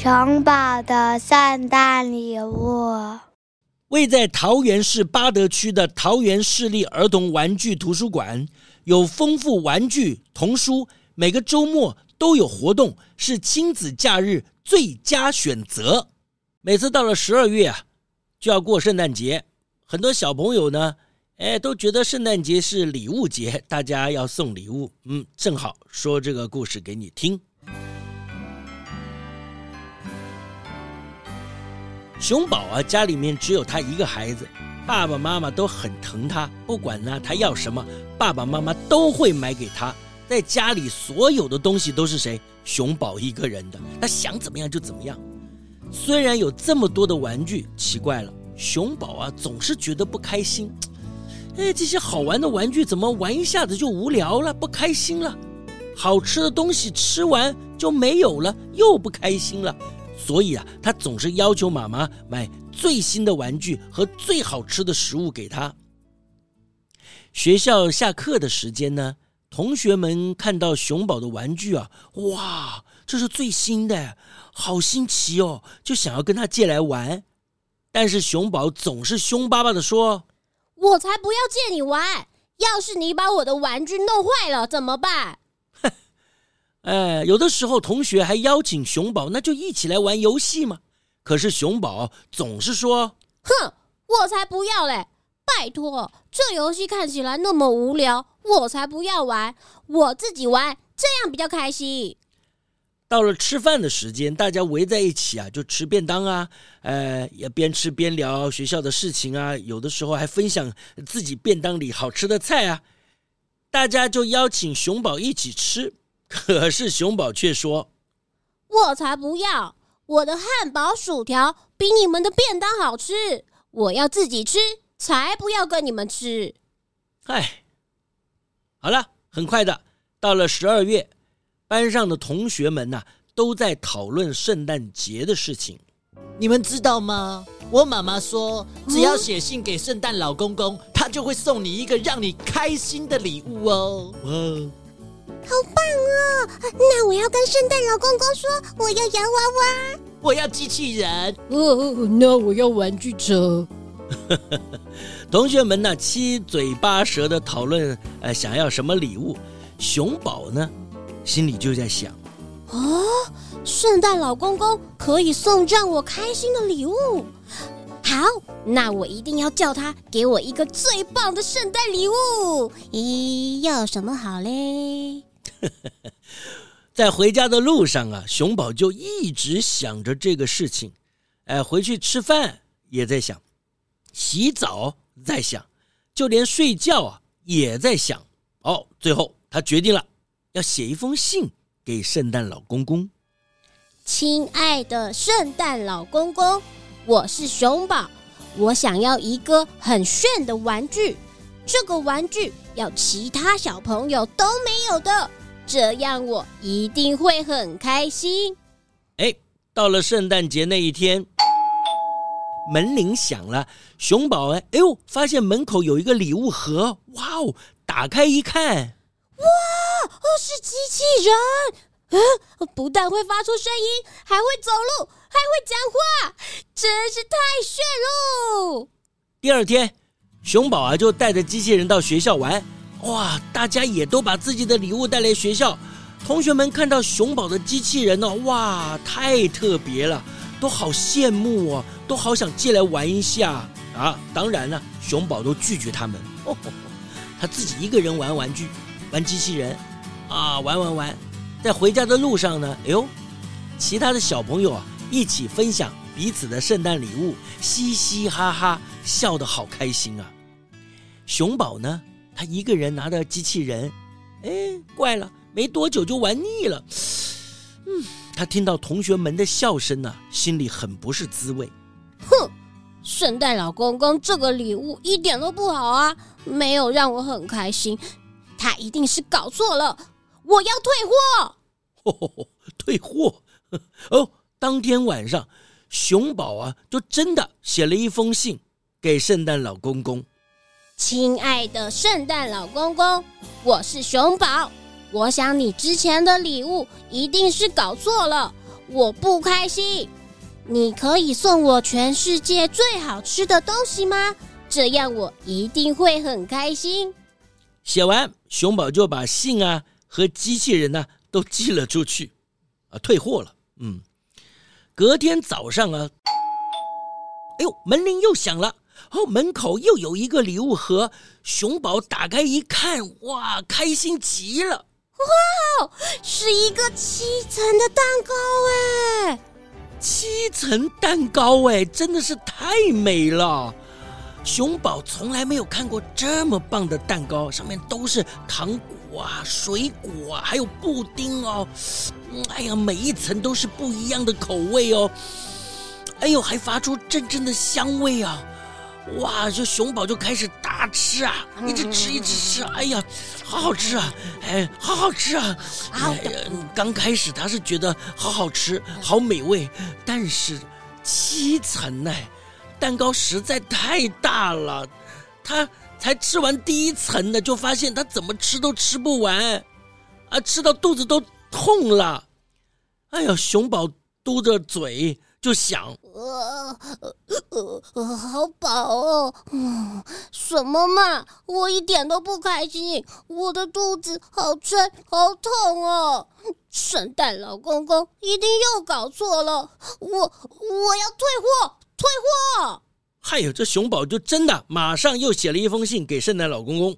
熊寶的聖誕禮物。位在桃園市八德區的桃園市立兒童玩具圖書館，有豐富玩具、童書，每個周末都有活動，是親子假日最佳選擇。每次到了十二月啊，就要過聖誕節，很多小朋友呢，哎，都覺得聖誕節是禮物節，大家要送禮物。嗯，正好說這個故事給你聽。熊寶啊，家裡面只有他一個孩子，爸爸媽媽都很疼他，不管呢他要什麼，爸爸媽媽都會買給他。在家裡所有的東西都是誰？熊寶一個人的，他想怎麼樣就怎麼樣。雖然有這麼多的玩具，奇怪了，熊寶啊總是覺得不開心。哎，這些好玩的玩具怎麼玩一下子就無聊了，不開心了。好吃的東西吃完就沒有了，又不開心了。所以啊，他總是要求媽媽買最新的玩具和最好吃的食物給他。學校下課的時間呢，同學們看到熊寶的玩具啊，哇，這是最新的，好新奇哦，就想要跟他借來玩。但是熊寶總是兇巴巴的說：“我才不要借你玩！要是你把我的玩具弄壞了怎麼辦？”呃、哎，有的時候同學還邀請熊寶，那就一起來玩遊戲嘛。可是熊寶總是說：“哼，我才不要嘞！拜託，這遊戲看起來那麼無聊，我才不要玩，我自己玩，這樣比較開心。”到了吃飯的時間，大家圍在一起啊，就吃便當啊。呃，也邊吃邊聊學校的事情啊。有的時候還分享自己便當裡好吃的菜啊。大家就邀請熊寶一起吃。可是熊寶卻說：“我才不要！我的漢堡薯條比你們的便當好吃，我要自己吃，才不要跟你們吃。”哎，好了，很快的到了十二月，班上的同學們呢、啊，都在討論聖誕節的事情。你們知道嗎？我媽媽說，只要寫信給聖誕老公公，嗯、他就會送你一個讓你開心的禮物哦。好棒哦！那我要跟聖誕老公公說，我要洋娃娃，我要機器人，哦，那我要玩具車。 同學們呢，七嘴八舌的討論，呃，想要什麼禮物？熊寶呢，心裡就在想，哦，聖誕老公公可以送讓我開心的禮物。好，那我一定要叫他給我一個最棒的聖誕禮物。咦，要什麼好嘞？ 在回家的路上啊，熊寶就一直想着這個事情。哎，回去吃飯也在想，洗澡在想，就連睡覺啊也在想。哦，最後他決定了，要寫一封信給聖誕老公公。親愛的聖誕老公公。我是熊寶，我想要一個很炫的玩具，這個玩具要其他小朋友都沒有的，這樣我一定會很開心。哎，到了聖誕節那一天，門鈴響了，熊寶哎、啊、哎呦，發現門口有一個禮物盒，哇哦！打開一看，哇哦，是機器人，嗯，不但會發出聲音，還會走路。還會講話，真是太炫嘍！第二天，熊寶啊就帶着機器人到學校玩。哇，大家也都把自己的禮物帶來學校。同學們看到熊寶的機器人呢、哦，哇，太特別了，都好羨慕哦，都好想借來玩一下啊！當然了，熊寶都拒絕他們、哦哦哦，他自己一個人玩玩具，玩機器人，啊，玩玩玩。在回家的路上呢，哎呦，其他的小朋友啊。一起分享彼此的聖誕禮物，嘻嘻哈哈笑得好開心啊！熊寶呢？他一個人拿着機器人，哎，怪了，沒多久就玩膩了。嗯，他聽到同學們的笑聲呢、啊，心裡很不是滋味。哼，聖誕老公公這個禮物一點都不好啊，沒有讓我很開心。他一定是搞錯了，我要退貨。哦、退貨哦。當天晚上，熊寶啊，就真的寫了一封信給聖誕老公公。親愛的聖誕老公公，我是熊寶，我想你之前的禮物一定是搞錯了，我不開心。你可以送我全世界最好吃的東西嗎？這樣我一定會很開心。寫完，熊寶就把信啊和機器人呢、啊、都寄了出去，啊，退貨了，嗯。隔天早上啊，哎呦，門鈴又響了，後門口又有一個禮物盒，熊寶打開一看，哇，開心極了，哇，是一個七層的蛋糕哎，七層蛋糕哎，真的是太美了，熊寶從來沒有看過這麼棒的蛋糕，上面都是糖果。哇，水果啊，還有布丁哦、嗯，哎呀，每一層都是不一樣的口味哦，哎呦，還發出陣陣的香味啊！哇，這熊寶就開始大吃啊，一直吃，一直吃，哎呀，好好吃啊，哎，好好吃啊、哎呃！剛開始他是覺得好好吃，好美味，但是七層呢、哎，蛋糕實在太大了，他。才吃完第一層的，就發現他怎麼吃都吃不完，啊，吃到肚子都痛了。哎呀，熊寶嘟着嘴就想，呃呃呃，呃，好飽哦，什麼嘛，我一點都不開心，我的肚子好撐好痛哦。聖誕老公公一定又搞錯了，我我要退貨，退貨。哎呦，這熊寶就真的馬上又寫了一封信給聖誕老公公。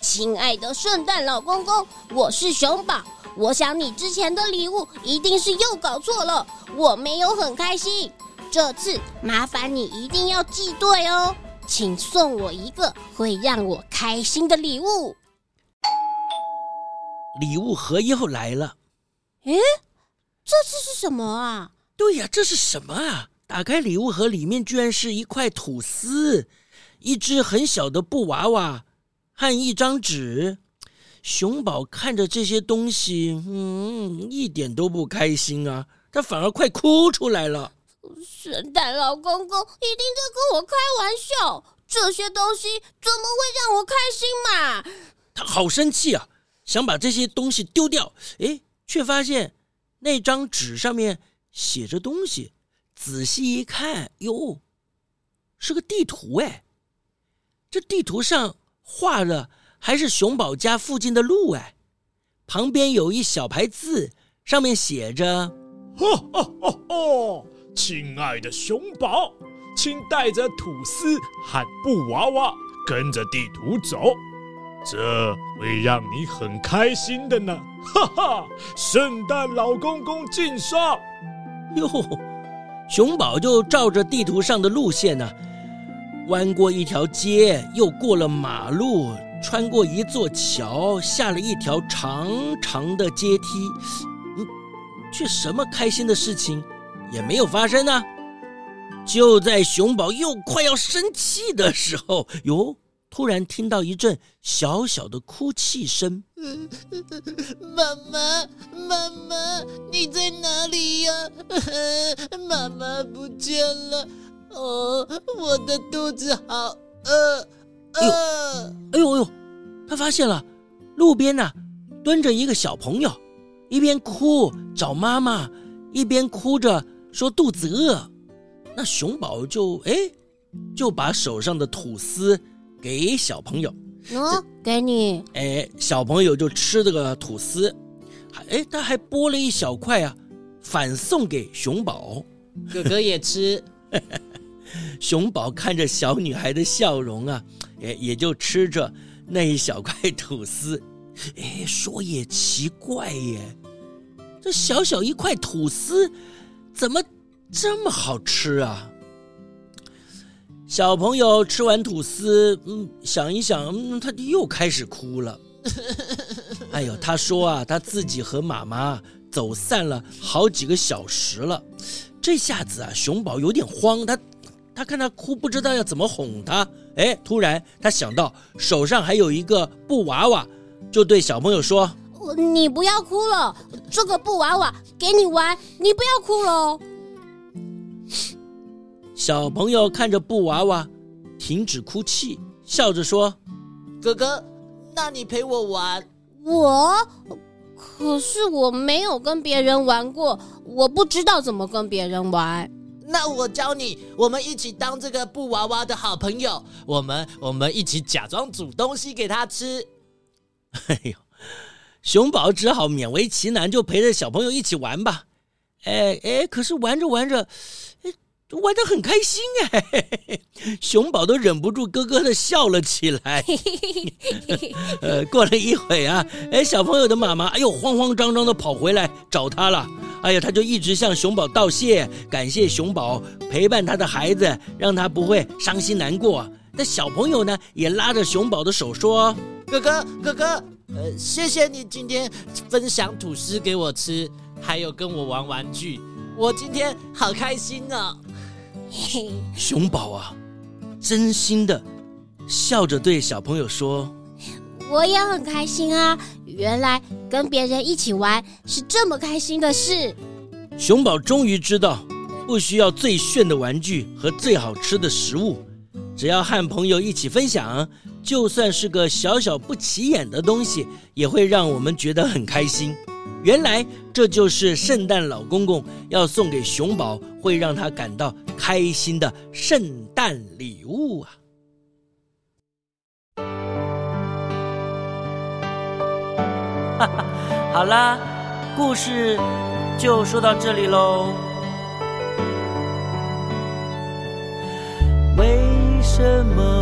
親愛的聖誕老公公，我是熊寶，我想你之前的禮物一定是又搞錯了，我沒有很開心。這次麻煩你一定要寄對哦，請送我一個會讓我開心的禮物。禮物盒又來了，誒，這次是什麼啊？對呀，啊，這是什麼啊？打開禮物盒，裡面居然是一塊吐司、一隻很小的布娃娃和一張紙。熊寶看着這些東西，嗯，一點都不開心啊！他反而快哭出來了。聖誕老公公一定在跟我開玩笑，這些東西怎麼會讓我開心嘛？他好生氣啊，想把這些東西丟掉，哎，卻發現那張紙上面寫着東西。仔細一看，喲，是個地圖哎！這地圖上畫的還是熊寶家附近的路哎，旁邊有一小排字，上面寫着：“哦哦哦哦，親愛的熊寶，請帶着吐司和布娃娃跟着地圖走，這會讓你很開心的呢！”哈哈，聖誕老公公敬上，喲。熊寶就照着地圖上的路線呢，彎過一條街，又過了馬路，穿過一座橋，下了一條長長的階梯，嗯，卻什麼開心的事情也沒有發生呢。就在熊寶又快要生氣的時候，喲，突然聽到一陣小小的哭泣聲，媽媽。媽媽，你在哪裡呀、啊？媽媽不見了。哦，我的肚子好餓。餓。哎呦哎呦，他、哎哎、發現了，路邊呢、啊、蹲着一個小朋友，一邊哭找媽媽，一邊哭着說肚子餓。那熊寶就哎，就把手上的吐司給小朋友，喏、哦，這給你。哎，小朋友就吃這個吐司。哎，他還剝了一小塊啊，反送給熊寶，哥哥也吃。 熊寶看着小女孩的笑容啊，也也就吃着那一小塊吐司。哎，說也奇怪耶，這小小一塊吐司怎麼這麼好吃啊？小朋友吃完吐司，嗯，想一想，他就又開始哭了。 哎呦，他說啊，他自己和媽媽走散了好幾個小時了，這下子啊，熊寶有點慌，他，他看他哭，不知道要怎麼哄他。哎，突然他想到手上還有一個布娃娃，就對小朋友說：“你不要哭了，這個布娃娃給你玩，你不要哭了哦。 ”小朋友看着布娃娃，停止哭泣，笑着說：“哥哥，那你陪我玩。”我，可是我沒有跟別人玩過，我不知道怎麼跟別人玩。那我教你，我們一起當這個布娃娃的好朋友，我們我們一起假裝煮東西給他吃。哎呦，熊寶只好勉為其難，就陪着小朋友一起玩吧。哎哎，可是玩着玩着。玩得很開心哎，熊寶都忍不住咯咯的笑了起來。 呃，過了一會啊，哎，小朋友的媽媽哎呦慌慌張張地跑回來找他了。哎呀，他就一直向熊寶道謝，感謝熊寶陪伴他的孩子，讓他不會傷心難過。那小朋友呢，也拉着熊寶的手說、哦：“哥哥，哥哥，呃，謝謝你今天分享吐司給我吃，還有跟我玩玩具，我今天好開心哦。”熊，熊寶啊，真心的笑着對小朋友說：“我也很開心啊！原來跟別人一起玩是這麼開心的事。”熊寶終於知道，不需要最炫的玩具和最好吃的食物，只要和朋友一起分享，就算是個小小不起眼的東西，也會讓我們覺得很開心。原來這就是聖誕老公公要送給熊寶會讓他感到開心的聖誕禮物啊。哈哈，好啦，故事就說到這裡嘍。為什麼？